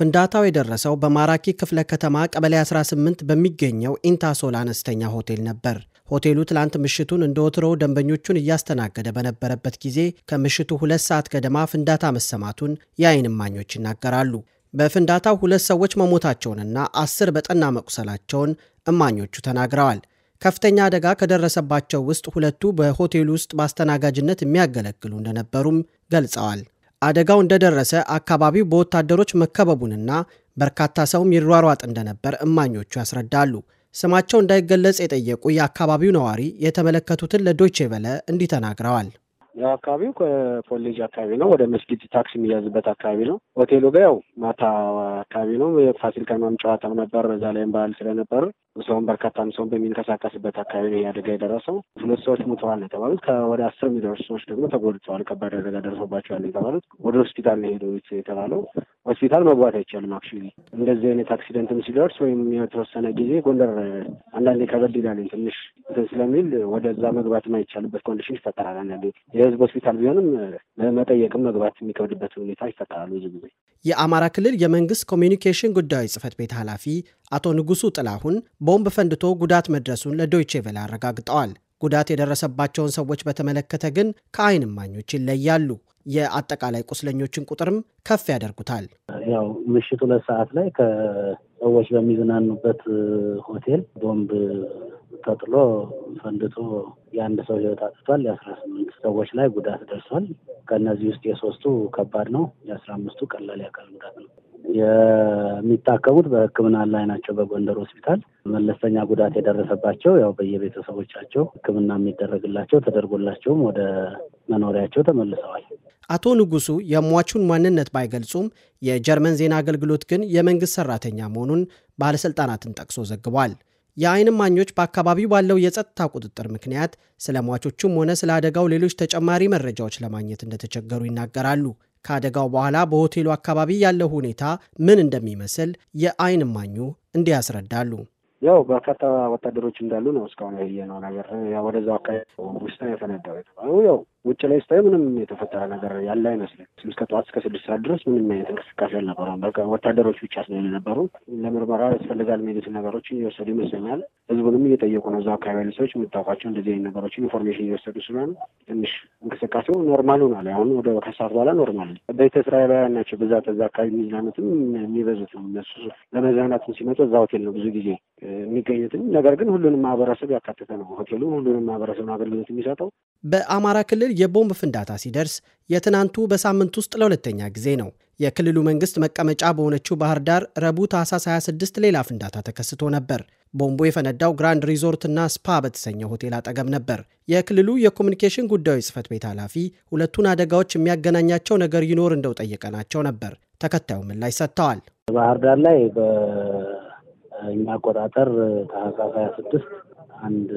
ፍንዳታው የደረሰው በማራኪ ክፍለ ከተማ ቀበሌ 18 በሚገኘው ኢንታሶል አነስተኛ ሆቴል ነበር። ሆቴሉ ትላንት ምሽቱን እንደ ወትሮው ደንበኞቹን እያስተናገደ በነበረበት ጊዜ ከምሽቱ ሁለት ሰዓት ገደማ ፍንዳታ መሰማቱን የአይን እማኞች ይናገራሉ። በፍንዳታው ሁለት ሰዎች መሞታቸውንና አስር በጠና መቁሰላቸውን እማኞቹ ተናግረዋል። ከፍተኛ አደጋ ከደረሰባቸው ውስጥ ሁለቱ በሆቴሉ ውስጥ በአስተናጋጅነት የሚያገለግሉ እንደነበሩም ገልጸዋል። አደጋው እንደደረሰ አካባቢው በወታደሮች መከበቡንና በርካታ ሰውም ይሯሯጥ እንደነበር እማኞቹ ያስረዳሉ። ስማቸው እንዳይገለጽ የጠየቁ የአካባቢው ነዋሪ የተመለከቱትን ለዶቼ ቬለ እንዲህ ተናግረዋል። ያው አካባቢው ከፖሌጅ አካባቢ ነው። ወደ መስጊድ ታክሲ የሚያዝበት አካባቢ ነው። ሆቴሉ ጋ ያው ማታ አካባቢ ነው። የፋሲል ከነማም ጨዋታም ነበር። በዛ ላይም በዓል ስለነበር ሰውን በርካታም ሰውን በሚንቀሳቀስበት አካባቢ ነው የአደጋ የደረሰው። ሁለት ሰዎች ሙተዋል የተባሉት ከወደ አስር የሚደርሱ ሰዎች ደግሞ ተጎድተዋል። ከባድ አደጋ ደርሶባቸዋል የተባሉት ወደ ሆስፒታል ነው ሄደው የተባለው ሆስፒታል መግባት አይቻልም። አክቹዋሊ እንደዚህ አይነት አክሲደንትም ሲደርስ ወይም የተወሰነ ጊዜ ጎንደር አንዳንዴ ከበድ ይላል ትንሽ እንትን ስለሚል ወደዛ መግባት የማይቻልበት ኮንዲሽን ይፈጠራል። አንዳንዴ የህዝብ ሆስፒታል ቢሆንም ለመጠየቅም መግባት የሚከብድበት ሁኔታ ይፈጠራል ብዙ ጊዜ። የአማራ ክልል የመንግስት ኮሚኒኬሽን ጉዳዮች ጽህፈት ቤት ኃላፊ አቶ ንጉሱ ጥላሁን ቦምብ ፈንድቶ ጉዳት መድረሱን ለዶይቼ ቬለ አረጋግጠዋል። ጉዳት የደረሰባቸውን ሰዎች በተመለከተ ግን ከአይን እማኞች ይለያሉ። የአጠቃላይ ቁስለኞችን ቁጥርም ከፍ ያደርጉታል። ያው ምሽት ሁለት ሰዓት ላይ ከሰዎች በሚዝናኑበት ሆቴል ቦምብ ተጥሎ ፈንድቶ የአንድ ሰው ህይወት አጥቷል። የአስራ ስምንት ሰዎች ላይ ጉዳት ደርሷል። ከእነዚህ ውስጥ የሶስቱ ከባድ ነው፣ የአስራ አምስቱ ቀላል የአካል ጉዳት ነው። የሚታከሙት በሕክምና ላይ ናቸው። በጎንደር ሆስፒታል መለስተኛ ጉዳት የደረሰባቸው ያው በየቤተሰቦቻቸው ሕክምና የሚደረግላቸው ተደርጎላቸውም ወደ መኖሪያቸው ተመልሰዋል። አቶ ንጉሱ የሟቹን ማንነት ባይገልጹም የጀርመን ዜና አገልግሎት ግን የመንግሥት ሠራተኛ መሆኑን ባለሥልጣናትን ጠቅሶ ዘግቧል። የዓይን እማኞች በአካባቢው ባለው የጸጥታ ቁጥጥር ምክንያት ስለ ሟቾቹም ሆነ ስለ አደጋው ሌሎች ተጨማሪ መረጃዎች ለማግኘት እንደተቸገሩ ይናገራሉ። ከአደጋው በኋላ በሆቴሉ አካባቢ ያለው ሁኔታ ምን እንደሚመስል የዓይን እማኙ እንዲህ ያስረዳሉ። ያው በርካታ ወታደሮች እንዳሉ ነው እስካሁን ያየነው ነገር። ወደዛው አካባቢ ውስጥ ነው የፈነዳው የተባለው ያው ውጭ ላይ ስታዩ ምንም የተፈጠረ ነገር ያለ አይመስልም። እስከ ጠዋት እስከ ስድስት ሰዓት ድረስ ምንም አይነት እንቅስቃሴ አልነበረም። በቃ ወታደሮች ብቻ ስለሆነ የነበሩ ለምርመራ ያስፈልጋል የሚሉትን ነገሮችን እየወሰዱ ይመስለኛል። ህዝቡንም እየጠየቁ ነው። እዛ አካባቢ ያሉ ሰዎች የምታውቋቸው እንደዚህ አይነት ነገሮችን ኢንፎርሜሽን እየወሰዱ ስለሆነ ትንሽ እንቅስቃሴው ኖርማል ሆኗል። አሁን ወደ ከሰዓት በኋላ ኖርማል ቤተ እስራኤላውያን ናቸው ብዛት እዛ አካባቢ የሚዝናኑትም የሚበዙት እነሱ ለመዝናናትም ሲመጡ እዛ ሆቴል ነው ብዙ ጊዜ የሚገኙትም። ነገር ግን ሁሉንም ማህበረሰብ ያካተተ ነው ሆቴሉ። ሁሉንም ማህበረሰብ አገልግሎት የሚሰጠው በአማራ ክልል የቦምብ ፍንዳታ ሲደርስ የትናንቱ በሳምንት ውስጥ ለሁለተኛ ጊዜ ነው። የክልሉ መንግስት መቀመጫ በሆነችው ባህር ዳር ረቡዕ ታህሳስ 26 ሌላ ፍንዳታ ተከስቶ ነበር። ቦምቡ የፈነዳው ግራንድ ሪዞርት እና ስፓ በተሰኘው ሆቴል አጠገብ ነበር። የክልሉ የኮሚኒኬሽን ጉዳዮች ጽህፈት ቤት ኃላፊ ሁለቱን አደጋዎች የሚያገናኛቸው ነገር ይኖር እንደው ጠየቀናቸው ነበር። ተከታዩ ምላሽ ሰጥተዋል። ባህር ዳር ላይ በእኛ አቆጣጠር ታህሳስ 26 አንድ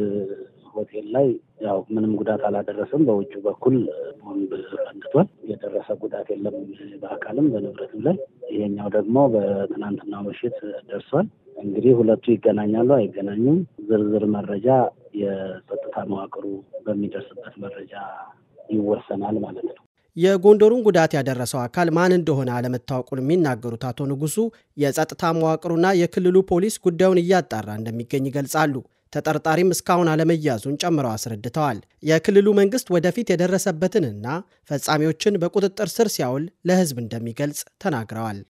ሆቴል ላይ ያው ምንም ጉዳት አላደረሰም። በውጭ በኩል ቦምብ ፈንድቷል። የደረሰ ጉዳት የለም በአካልም በንብረትም ላይ። ይሄኛው ደግሞ በትናንትናው ምሽት ደርሷል። እንግዲህ ሁለቱ ይገናኛሉ አይገናኙም፣ ዝርዝር መረጃ የጸጥታ መዋቅሩ በሚደርስበት መረጃ ይወሰናል ማለት ነው። የጎንደሩን ጉዳት ያደረሰው አካል ማን እንደሆነ አለመታወቁን የሚናገሩት አቶ ንጉሱ የጸጥታ መዋቅሩና የክልሉ ፖሊስ ጉዳዩን እያጣራ እንደሚገኝ ይገልጻሉ። ተጠርጣሪም እስካሁን አለመያዙን ጨምረው አስረድተዋል። የክልሉ መንግስት ወደፊት የደረሰበትንና ፈጻሚዎችን በቁጥጥር ስር ሲያውል ለህዝብ እንደሚገልጽ ተናግረዋል።